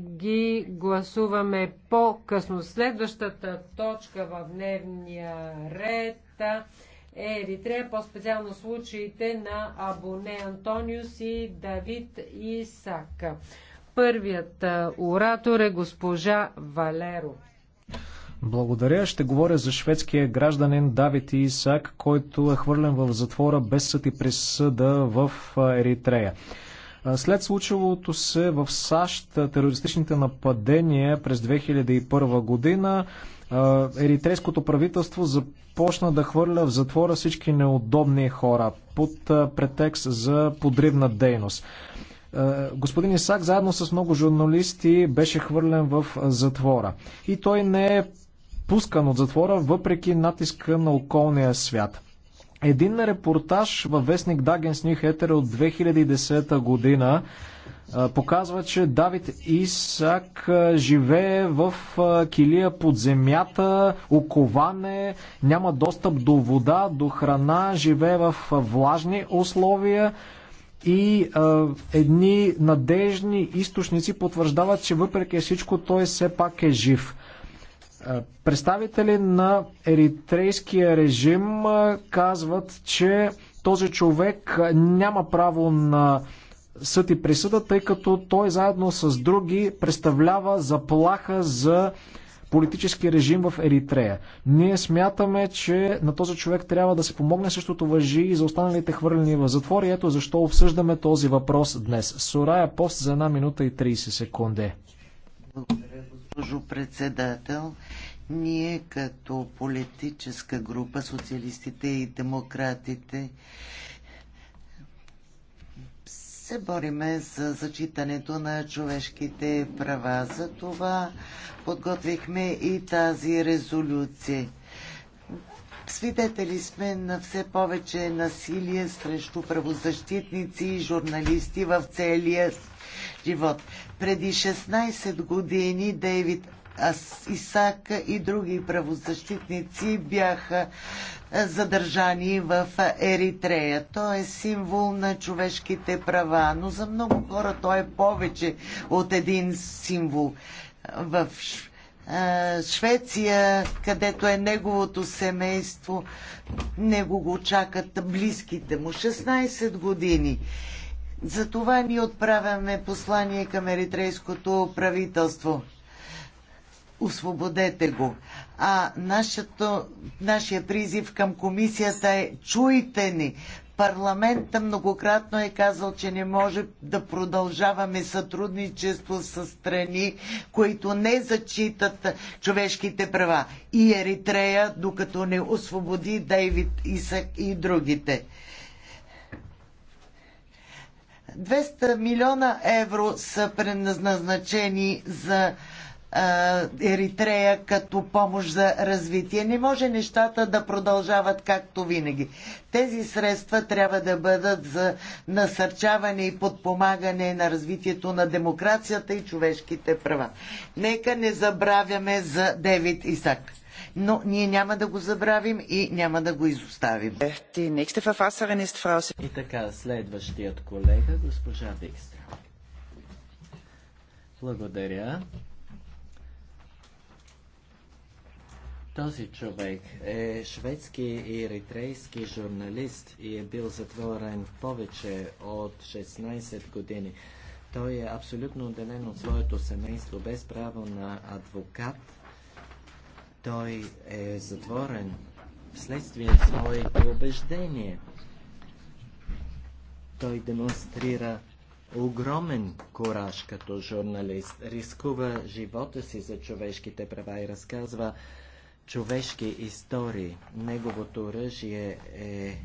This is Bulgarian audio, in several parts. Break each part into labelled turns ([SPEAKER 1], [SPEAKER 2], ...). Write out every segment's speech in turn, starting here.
[SPEAKER 1] ги гласуваме по-късно. Следващата точка в дневния ред е Еритрея, по-специално случаите на Абоне Антониус и Давид Исак. Първият оратор е госпожа Валеро.
[SPEAKER 2] Благодаря. Ще говоря за шведския гражданин Давид Исак, който е хвърлен в затвора без съд и присъда в Еритрея. След случилото се в САЩ терористичните нападения през 2001 година, еритрейското правителство започна да хвърля в затвора всички неудобни хора под претекст за подривна дейност. Господин Исак заедно с много журналисти беше хвърлен в затвора. И той не е пускан от затвора, въпреки натиска на околния свят. Един репортаж във вестник Dagens Nyheter от 2010 година показва, че Давид Исак живее в килия под земята, оковане, няма достъп до вода, до храна, живее в влажни условия и а, едни надежни източници потвърждават, че въпреки всичко той все пак е жив. Представители на еритрейския режим казват, че този човек няма право на съд и присъда, тъй като той заедно с други представлява заплаха за политически режим в Еритрея. Ние смятаме, че на този човек трябва да се помогне. Същото въжи и за останалите хвърлени в затвор. И ето защо обсъждаме този въпрос днес. Сорая пост за една минута и 30 секунди.
[SPEAKER 3] Благодаря госпожо председател. Ние като политическа група, социалистите и демократите, се бориме за зачитането на човешките права. За това подготвихме и тази резолюция. Свидетели сме на все повече насилие срещу правозащитници и журналисти в целия живот. Преди 16 години Дейвид Исака и други правозащитници бяха е, задържани в Еритрея. Той е символ на човешките права, но за много хора той е повече от един символ. В е, Швеция, където е неговото семейство, него го чакат близките му. 16 години. Затова ние отправяме послание към еритрейското правителство. Освободете го. А нашето, нашия призив към комисията е чуйте ни. Парламента многократно е казал, че не може да продължаваме сътрудничество с страни, които не зачитат човешките права. И Еритрея, докато не освободи Дейвид Исак и другите. 200 милиона евро са предназначени за Еритрея като помощ за развитие. Не може нещата да продължават както винаги. Тези средства трябва да бъдат за насърчаване и подпомагане на развитието на демокрацията и човешките права. Нека не забравяме за Девид Исак но ние няма да го забравим и няма да го изоставим. Е, е и така, следващият колега, госпожа Викстра. Благодаря.
[SPEAKER 4] Този човек е шведски и еритрейски журналист и е бил затворен повече от 16 години. Той е абсолютно отделен от своето семейство, без право на адвокат той е затворен вследствие на своите убеждения. Той демонстрира огромен кораж като журналист, рискува живота си за човешките права и разказва човешки истории. Неговото оръжие е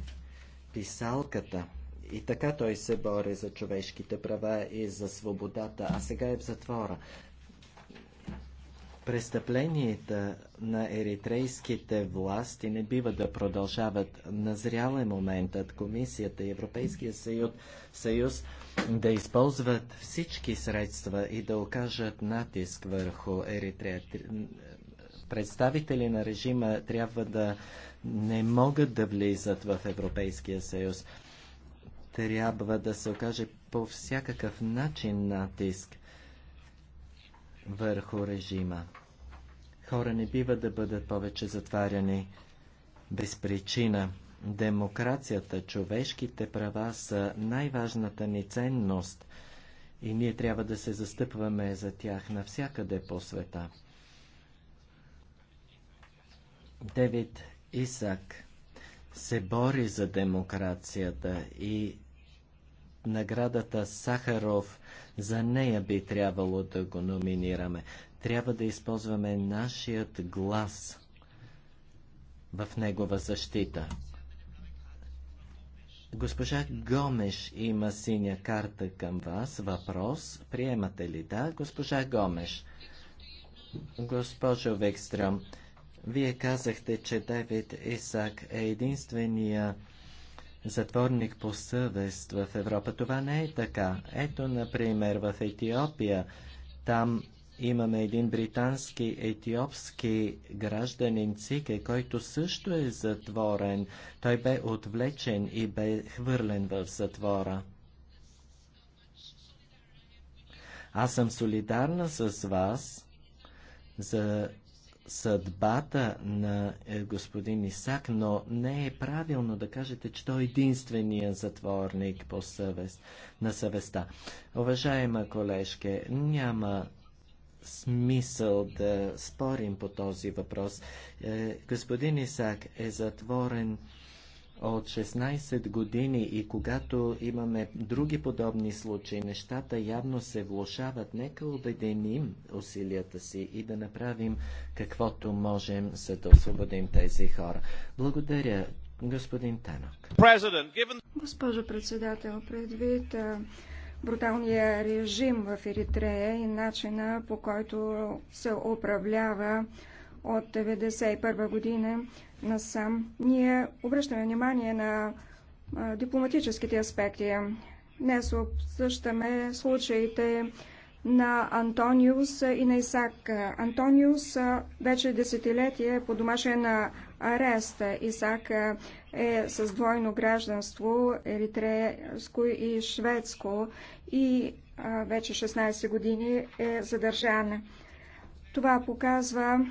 [SPEAKER 4] писалката. И така той се бори за човешките права и за свободата, а сега е в затвора. Престъпленията на еритрейските власти не бива да продължават. Назрял е моментът Комисията и Европейския съюз, съюз да използват всички средства и да окажат натиск върху Еритрея. Представители на режима трябва да не могат да влизат в Европейския съюз. Трябва да се окаже по всякакъв начин натиск – върху режима. Хора не бива да бъдат повече затваряни без причина. Демокрацията, човешките права са най-важната ни ценност и ние трябва да се застъпваме за тях навсякъде по света. Девид Исак се бори за демокрацията и наградата Сахаров за нея би трябвало да го номинираме. Трябва да използваме нашият глас в негова защита. Госпожа Гомеш има синя карта към вас. Въпрос. Приемате ли? Да, госпожа Гомеш. Госпожо Векстрем, вие казахте, че Давид Исак е единствения затворник по съвест в Европа. Това не е така. Ето, например, в Етиопия, там имаме един британски етиопски гражданин Цике, който също е затворен. Той бе отвлечен и бе хвърлен в затвора. Аз съм солидарна с вас за съдбата на е, господин Исак, но не е правилно да кажете, че той е единствения затворник по съвест, на съвестта. Уважаема колежке, няма смисъл да спорим по този въпрос. Е, господин Исак е затворен от 16 години и когато имаме други подобни случаи, нещата явно се влушават. Нека обединим усилията си и да направим каквото можем, за да освободим тези хора. Благодаря, господин Танок.
[SPEAKER 5] Госпожо председател, предвид бруталния режим в Еритрея и начина по който се управлява от 1991 година насам. Ние обръщаме внимание на дипломатическите аспекти. Днес обсъщаме случаите на Антониус и на Исак. Антониус вече десетилетие е по домашен арест. Исак е с двойно гражданство, еритрейско и шведско и вече 16 години е задържан. Това показва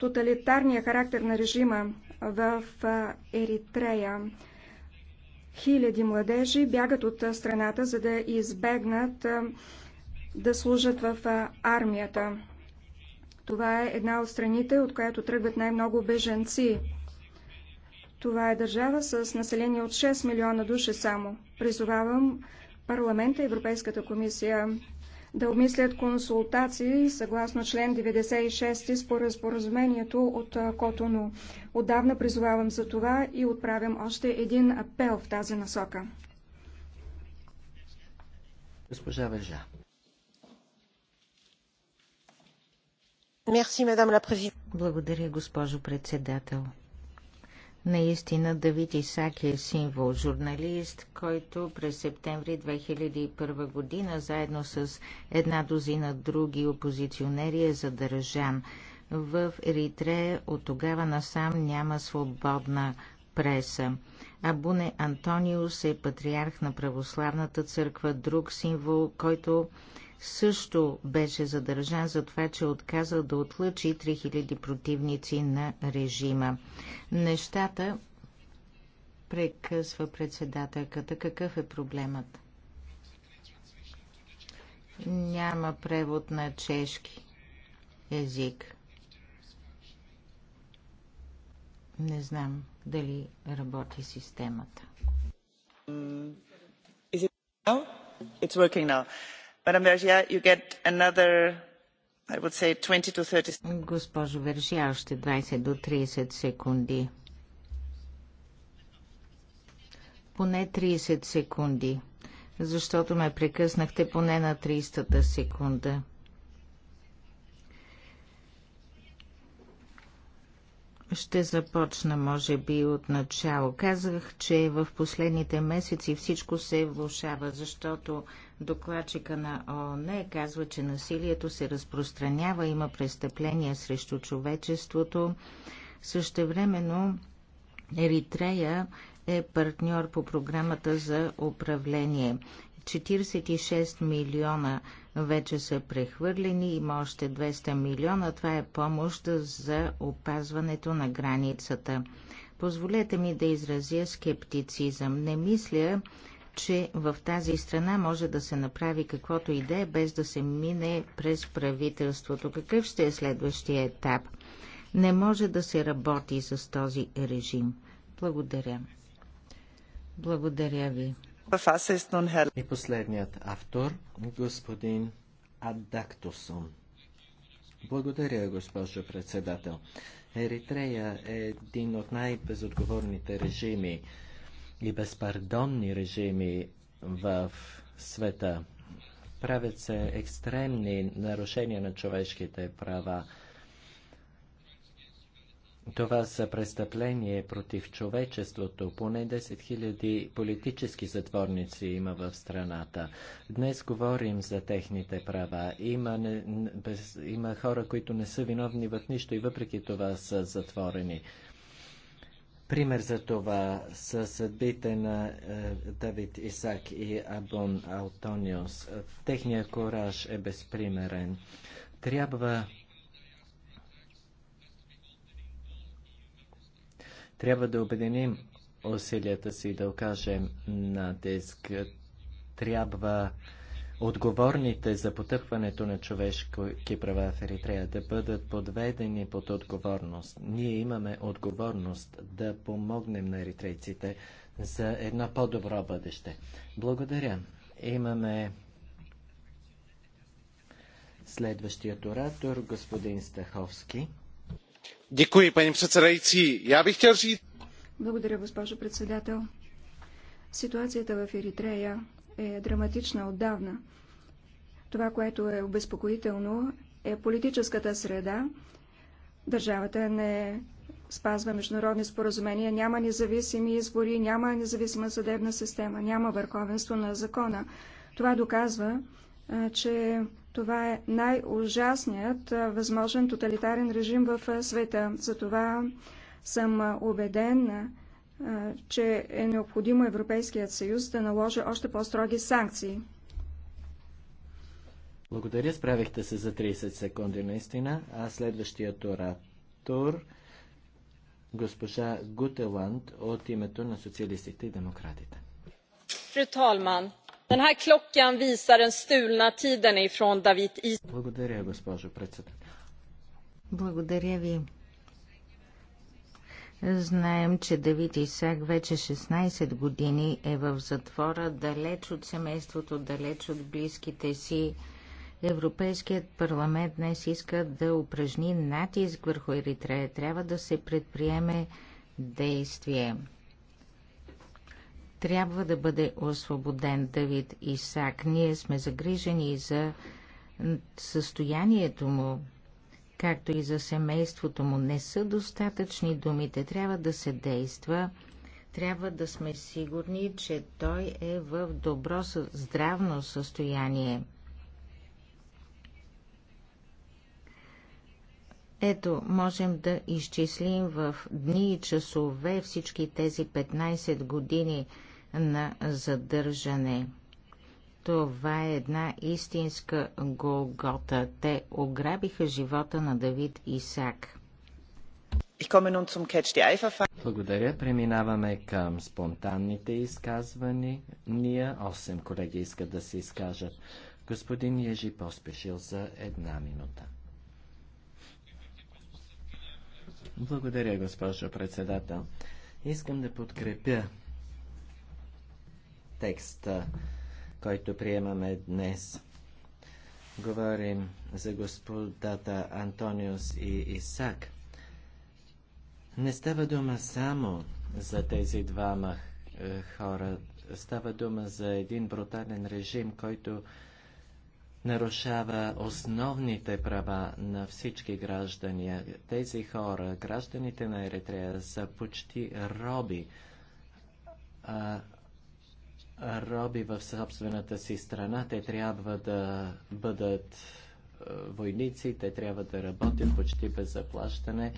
[SPEAKER 5] тоталитарния характер на режима в Еритрея. Хиляди младежи бягат от страната, за да избегнат да служат в армията. Това е една от страните, от която тръгват най-много беженци. Това е държава с население от 6 милиона души само. Призовавам парламента, Европейската комисия да обмислят консултации съгласно член 96 според споразумението от Котоно. Отдавна призовавам за това и отправям още един апел в тази насока.
[SPEAKER 4] Госпожа Вържа.
[SPEAKER 1] Благодаря, госпожо председател. Наистина Давид Исак е символ, журналист, който през септември 2001 година заедно с една дозина други опозиционери е задържан. В Еритрея от тогава насам няма свободна преса. Абуне Антониус е патриарх на православната църква, друг символ, който също беше задържан за това, че е отказал да отлъчи 3000 противници на режима. Нещата прекъсва председателката. Какъв е проблемът? Няма превод на чешки език. Не знам дали работи системата. Is it
[SPEAKER 3] now? It's working now.
[SPEAKER 1] Госпожо Вержия, още 20 до 30 секунди. Поне 30 секунди, защото ме прекъснахте поне на 30-та секунда. Ще започна, може би, от начало. Казах, че в последните месеци всичко се влушава, защото докладчика на ООН казва, че насилието се разпространява, има престъпления срещу човечеството. Същевременно Еритрея е партньор по програмата за управление. 46 милиона вече са прехвърлени. Има още 200 милиона. Това е помощ за опазването на границата. Позволете ми да изразя скептицизъм. Не мисля, че в тази страна може да се направи каквото и да е, без да се мине през правителството. Какъв ще е следващия етап? Не може да се работи с този режим. Благодаря. Благодаря ви.
[SPEAKER 4] И последният автор, господин Адактусон. Благодаря, госпожо председател. Еритрея е един от най-безотговорните режими и безпардонни режими в света. Правят се екстремни нарушения на човешките права. Това са престъпление против човечеството. Поне 10 000 политически затворници има в страната. Днес говорим за техните права. Има, не, без, има хора, които не са виновни в нищо и въпреки това са затворени. Пример за това са съдбите на е, Давид Исак и Абон Алтониос. Техният кораж е безпримерен. Трябва Трябва да обединим усилията си да окажем на диск. Трябва отговорните за потъпването на човешки права в Еритрея да бъдат подведени под отговорност. Ние имаме отговорност да помогнем на еритрейците за едно по-добро бъдеще. Благодаря. Имаме следващият оратор, господин Стаховски
[SPEAKER 3] paní předsedající. Já bych chtěl říct...
[SPEAKER 5] Благодаря, госпожо председател. Ситуацията в Еритрея е драматична отдавна. Това, което е обезпокоително, е политическата среда. Държавата не спазва международни споразумения, няма независими избори, няма независима съдебна система, няма върховенство на закона. Това доказва, че това е най-ужасният възможен тоталитарен режим в света. Затова съм убеден, че е необходимо Европейският съюз да наложи още по-строги санкции.
[SPEAKER 4] Благодаря, справихте се за 30 секунди наистина. А следващият оратор, госпожа Гутеланд от името на социалистите и демократите.
[SPEAKER 1] Фру Талман,
[SPEAKER 4] благодаря, госпожо председател.
[SPEAKER 1] Благодаря ви. Знаем, че Давид Исак вече 16 години е в затвора, далеч от семейството, далеч от близките си. Европейският парламент днес иска да упражни натиск върху Еритрея. Трябва да се предприеме действие трябва да бъде освободен Давид Исак. Ние сме загрижени за състоянието му, както и за семейството му. Не са достатъчни думите. Трябва да се действа. Трябва да сме сигурни, че той е в добро здравно състояние. Ето, можем да изчислим в дни и часове всички тези 15 години – на задържане. Това е една истинска голгота. Те ограбиха живота на Давид Исак.
[SPEAKER 4] Благодаря. Преминаваме към спонтанните изказвания. Ние, 8 колеги искат да се изкажат. Господин Ежи поспешил за една минута. Благодаря, госпожо председател. Искам да подкрепя текста, който приемаме днес. Говорим за господата Антониус и Исак. Не става дума само за тези двама е, хора. Става дума за един брутален режим, който нарушава основните права на всички граждани. Тези хора, гражданите на Еритрея, са почти роби. А, роби в собствената си страна. Те трябва да бъдат е, войници, те трябва да работят почти без заплащане.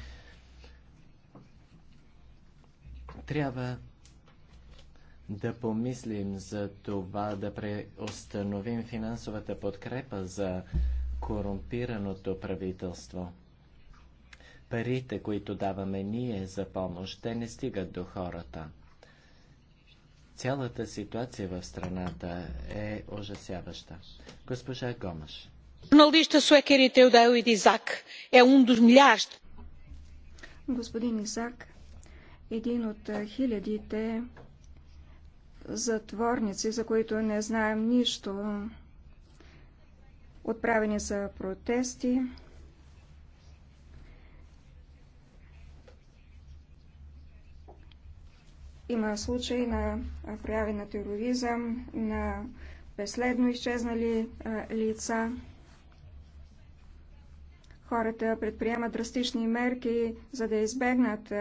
[SPEAKER 4] Трябва да помислим за това да преустановим финансовата подкрепа за корумпираното правителство. Парите, които даваме ние за помощ, те не стигат до хората. Цялата ситуация в страната е ужасяваща. Госпожа Гомаш.
[SPEAKER 5] Журналиста суекерите Удаид Изак е Господин Изак, един от хилядите затворници, за които не знаем нищо. Отправени са протести, Има случаи на прояви на тероризъм, на безследно изчезнали лица. Хората предприемат драстични мерки, за да избегнат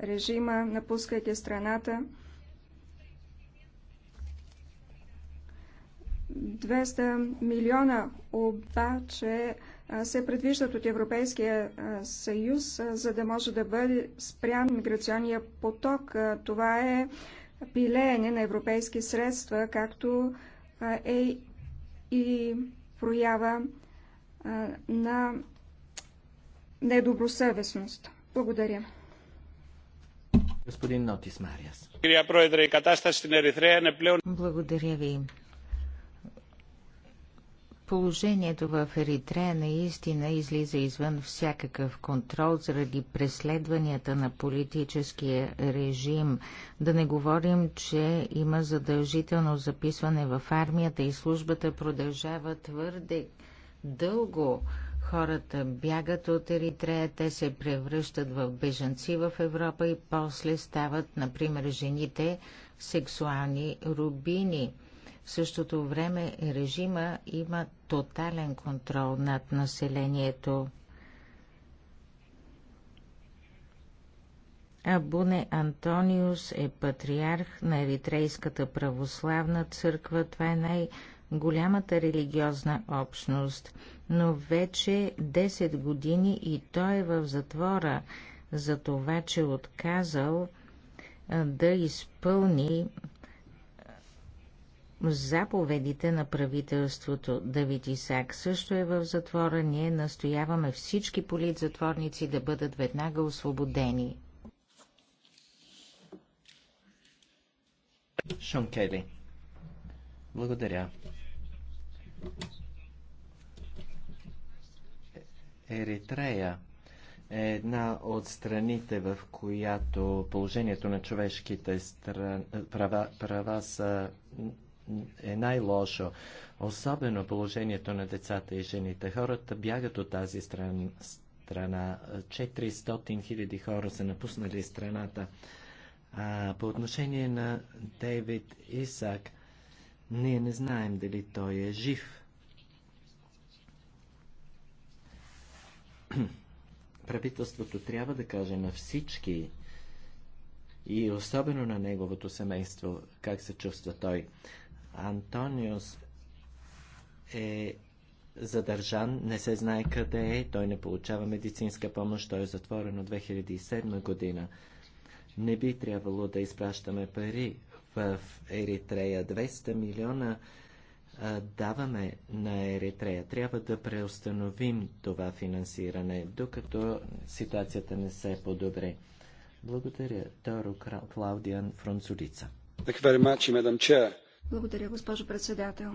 [SPEAKER 5] режима, напускайки страната. 200 милиона обаче се предвиждат от Европейския съюз, за да може да бъде спрян миграционния поток. Това е пилеене на европейски средства, както е и проява на недобросъвестност. Благодаря.
[SPEAKER 4] Господин Нотис Мариас.
[SPEAKER 1] Благодаря ви. Положението в Еритрея наистина излиза извън всякакъв контрол заради преследванията на политическия режим. Да не говорим, че има задължително записване в армията и службата продължава твърде дълго. Хората бягат от Еритрея, те се превръщат в бежанци в Европа и после стават, например, жените сексуални рубини – в същото време режима има тотален контрол над населението. Абуне Антониус е патриарх на Еритрейската православна църква. Това е най-голямата религиозна общност, но вече 10 години и той е в затвора за това, че е отказал да изпълни заповедите на правителството. Давид Исак също е в затвора. Ние настояваме всички политзатворници да бъдат веднага освободени. Шон
[SPEAKER 4] Кели. Благодаря. Еритрея е една от страните, в която положението на човешките стран... права, права са е най-лошо. Особено положението на децата и жените. Хората бягат от тази стран, страна. 400 хиляди хора са напуснали страната. А, по отношение на Дейвид Исак, ние не знаем дали той е жив. Правителството трябва да каже на всички и особено на неговото семейство, как се чувства той. Антониус е задържан, не се знае къде е, той не получава медицинска помощ, той е затворен от 2007 година. Не би трябвало да изпращаме пари в Еритрея. 200 милиона а, даваме на Еритрея. Трябва да преустановим това финансиране, докато ситуацията не се подобри. Благодаря. Торо Клаудиан Фронцулица.
[SPEAKER 2] Thank you very much, Madam Chair.
[SPEAKER 5] Благодаря, госпожо председател.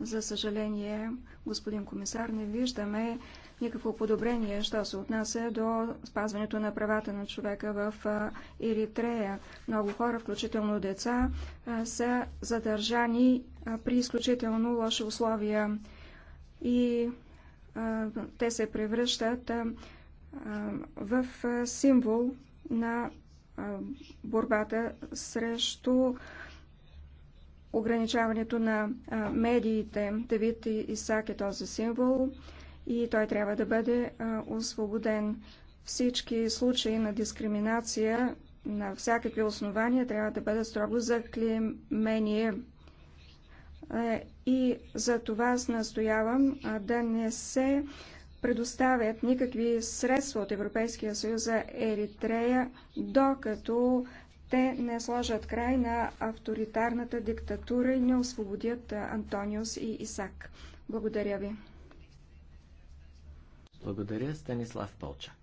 [SPEAKER 5] За съжаление, господин комисар, не виждаме никакво подобрение, що се отнася до спазването на правата на човека в Еритрея. Много хора, включително деца, са задържани при изключително лоши условия и те се превръщат в символ на борбата срещу ограничаването на медиите. Давид и Исак е този символ и той трябва да бъде освободен. Всички случаи на дискриминация на всякакви основания трябва да бъдат строго заклемени. И за това аз настоявам да не се предоставят никакви средства от Европейския съюз за Еритрея, докато те не сложат край на авторитарната диктатура и не освободят Антониус и Исак. Благодаря ви.
[SPEAKER 4] Благодаря Станислав Полчак.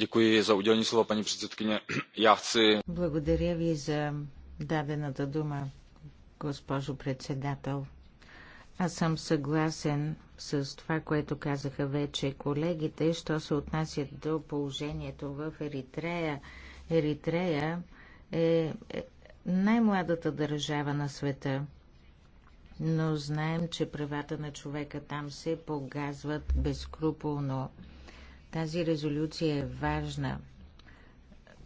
[SPEAKER 2] Děkuji за udělení слова, paní předsedkyně. Já chci...
[SPEAKER 1] Благодаря ви за дадената дума, госпожо председател. Аз съм съгласен с това, което казаха вече колегите, що се отнася до положението в Еритрея. Еритрея е, е най-младата държава на света, но знаем, че правата на човека там се погазват безкруполно. Тази резолюция е важна,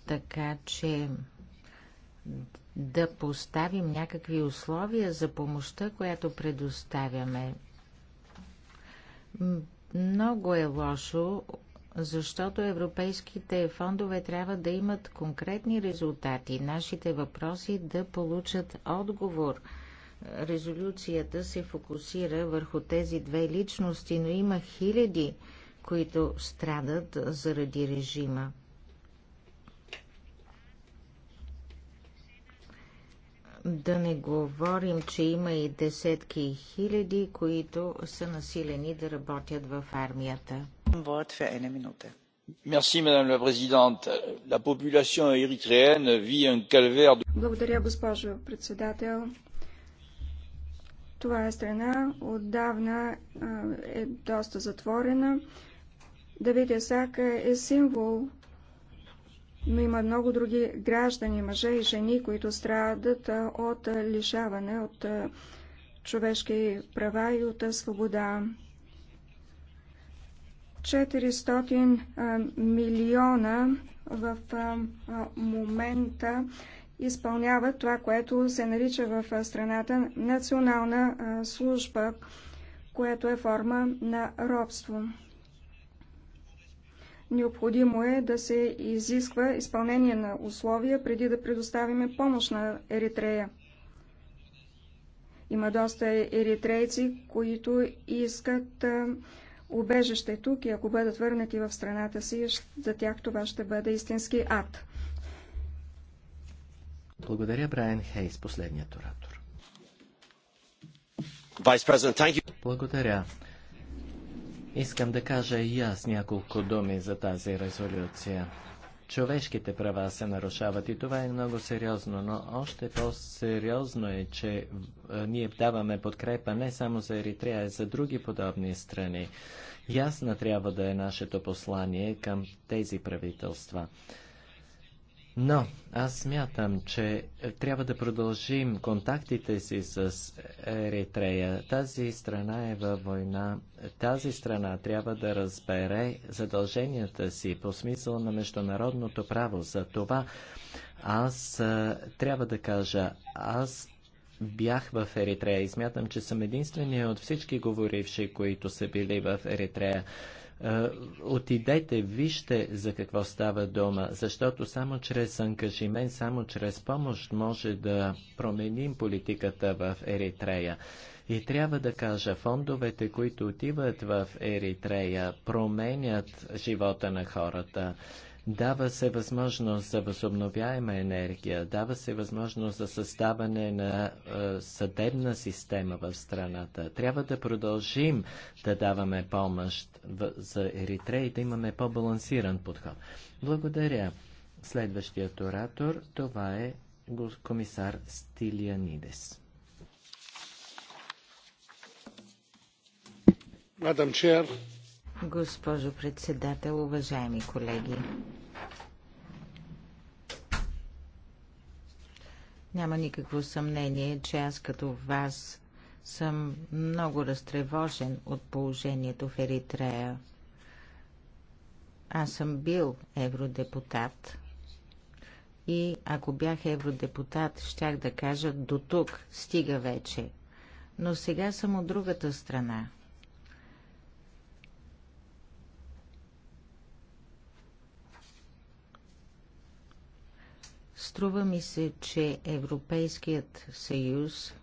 [SPEAKER 1] така че да поставим някакви условия за помощта, която предоставяме. Много е лошо, защото европейските фондове трябва да имат конкретни резултати, нашите въпроси да получат отговор. Резолюцията се фокусира върху тези две личности, но има хиляди, които страдат заради режима. Да не говорим, че има и десетки хиляди, които са насилени да работят в армията.
[SPEAKER 5] Благодаря, госпожо председател. Това е страна отдавна е доста затворена. Давид Исак е, е символ но има много други граждани, мъже и жени, които страдат от лишаване от човешки права и от свобода. 400 милиона в момента изпълняват това, което се нарича в страната национална служба, което е форма на робство. Необходимо е да се изисква изпълнение на условия преди да предоставиме помощ на Еритрея. Има доста еритрейци, които искат убежище тук и ако бъдат върнати в страната си, за тях това ще бъде истински ад.
[SPEAKER 4] Благодаря, Брайан Хейс, последният оратор. Благодаря. Искам да кажа и аз няколко думи за тази резолюция. Човешките права се нарушават и това е много сериозно, но още по-сериозно е, че ние даваме подкрепа не само за Еритрия, а и за други подобни страни. Ясно трябва да е нашето послание към тези правителства. Но аз смятам, че трябва да продължим контактите си с Еритрея. Тази страна е във война. Тази страна трябва да разбере задълженията си по смисъл на международното право. За това аз трябва да кажа, аз бях в Еритрея и смятам, че съм единственият от всички говоривши, които са били в Еритрея. Е, отидете, вижте за какво става дума, защото само чрез ангажимент, само чрез помощ може да променим политиката в Еритрея. И трябва да кажа, фондовете, които отиват в Еритрея, променят живота на хората. Дава се възможност за възобновяема енергия, дава се възможност за създаване на е, съдебна система в страната. Трябва да продължим да даваме помощ в, за Еритрея и да имаме по-балансиран подход. Благодаря. Следващият оратор, това е комисар Стилианидес.
[SPEAKER 1] Госпожо председател, уважаеми колеги! Няма никакво съмнение, че аз като вас съм много разтревожен от положението в Еритрея. Аз съм бил евродепутат и ако бях евродепутат, щях да кажа до тук, стига вече. Но сега съм от другата страна. Струва ми се, че Европейският съюз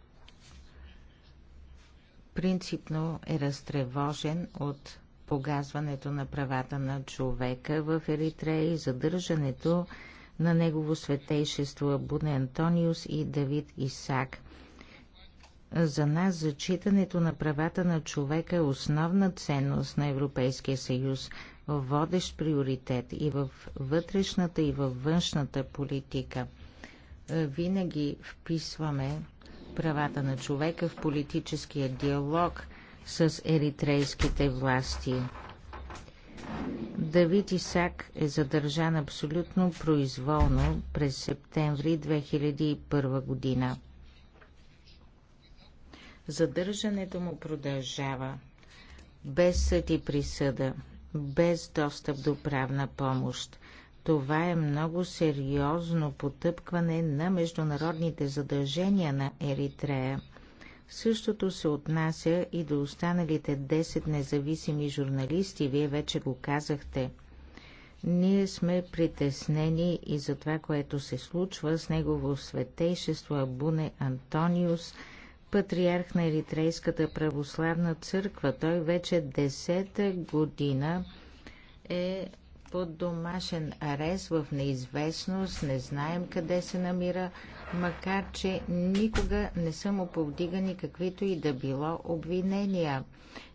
[SPEAKER 1] принципно е разтревожен от погазването на правата на човека в Еритрея и задържането на негово светейшество Абуне Антониус и Давид Исак. За нас зачитането на правата на човека е основна ценност на Европейския съюз водещ приоритет и в вътрешната, и във външната политика. Е, винаги вписваме правата на човека в политическия диалог с еритрейските власти. Давид Исак е задържан абсолютно произволно през септември 2001 година. Задържането му продължава без съд и присъда без достъп до правна помощ. Това е много сериозно потъпкване на международните задължения на Еритрея. Същото се отнася и до останалите 10 независими журналисти, вие вече го казахте. Ние сме притеснени и за това, което се случва с негово светейшество Абуне Антониус – патриарх на Еритрейската православна църква. Той вече десета година е под домашен арест в неизвестност, не знаем къде се намира, макар че никога не са му повдигани каквито и да било обвинения.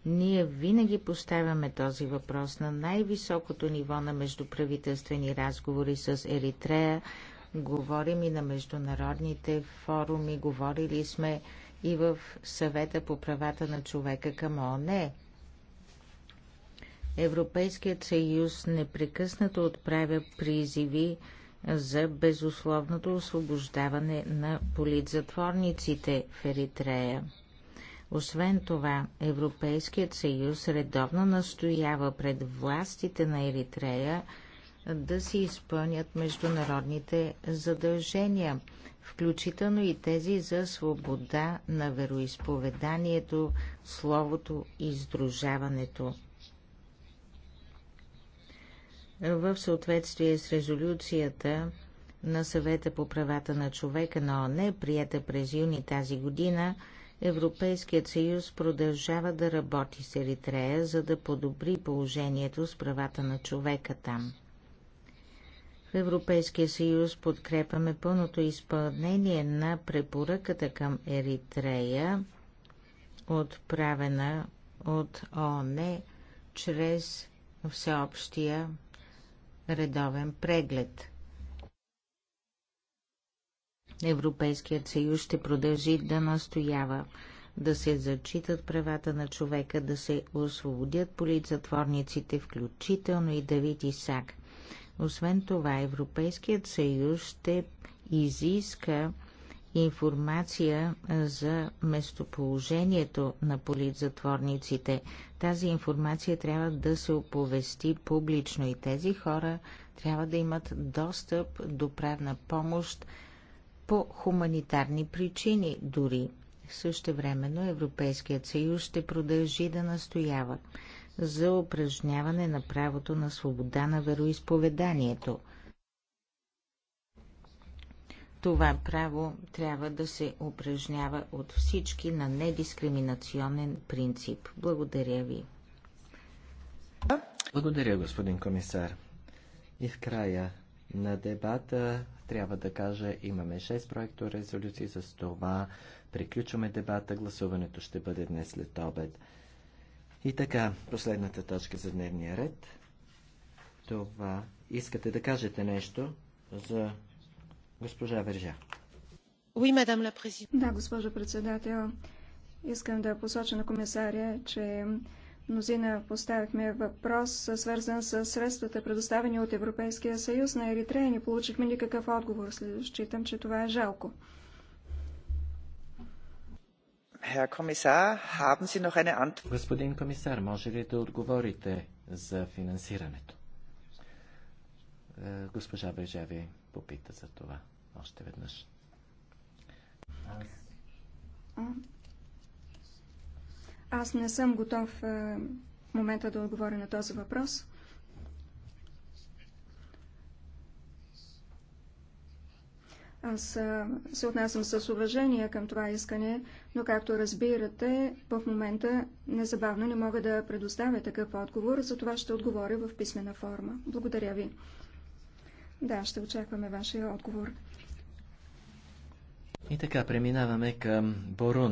[SPEAKER 1] Ние винаги поставяме този въпрос на най-високото ниво на междуправителствени разговори с Еритрея, говорим и на международните форуми, говорили сме и в съвета по правата на човека към ООН. Европейският съюз непрекъснато отправя призиви за безусловното освобождаване на политзатворниците в Еритрея. Освен това, Европейският съюз редовно настоява пред властите на Еритрея да си изпълнят международните задължения – включително и тези за свобода на вероисповеданието, словото и сдружаването. В съответствие с резолюцията на съвета по правата на човека на ОНЕ, прията през юни тази година, Европейският съюз продължава да работи с Еритрея, за да подобри положението с правата на човека там. В Европейския съюз подкрепяме пълното изпълнение на препоръката към Еритрея, отправена от ООН чрез всеобщия редовен преглед. Европейският съюз ще продължи да настоява да се зачитат правата на човека, да се освободят полицатворниците, включително и Давид Исак. Освен това, Европейският съюз ще изиска информация за местоположението на политзатворниците. Тази информация трябва да се оповести публично и тези хора трябва да имат достъп до правна помощ по хуманитарни причини дори. Същевременно Европейският съюз ще продължи да настоява за упражняване на правото на свобода на вероисповеданието. Това право трябва да се упражнява от всички на недискриминационен принцип. Благодаря ви.
[SPEAKER 4] Благодаря, господин комисар. И в края на дебата трябва да кажа, имаме 6 проекто резолюции, с това приключваме дебата. Гласуването ще бъде днес след обед. И така, последната точка за дневния ред. Това. Искате да кажете нещо за госпожа Вержа?
[SPEAKER 5] Oui, la Да, госпожо председател. Искам да посоча на комисаря, че мнозина поставихме въпрос, свързан с средствата, предоставени от Европейския съюз на Еритрея не получихме никакъв отговор. Считам, че това е жалко.
[SPEAKER 4] Господин комисар, може ли да отговорите за финансирането? Е, госпожа Бежави попита за това още веднъж.
[SPEAKER 5] Аз не съм готов е, в момента да отговоря на този въпрос. Аз се отнасям с уважение към това искане, но както разбирате, в момента незабавно не мога да предоставя такъв отговор, за това ще отговоря в писмена форма. Благодаря ви. Да, ще очакваме вашия отговор.
[SPEAKER 4] И така, преминаваме към Борун.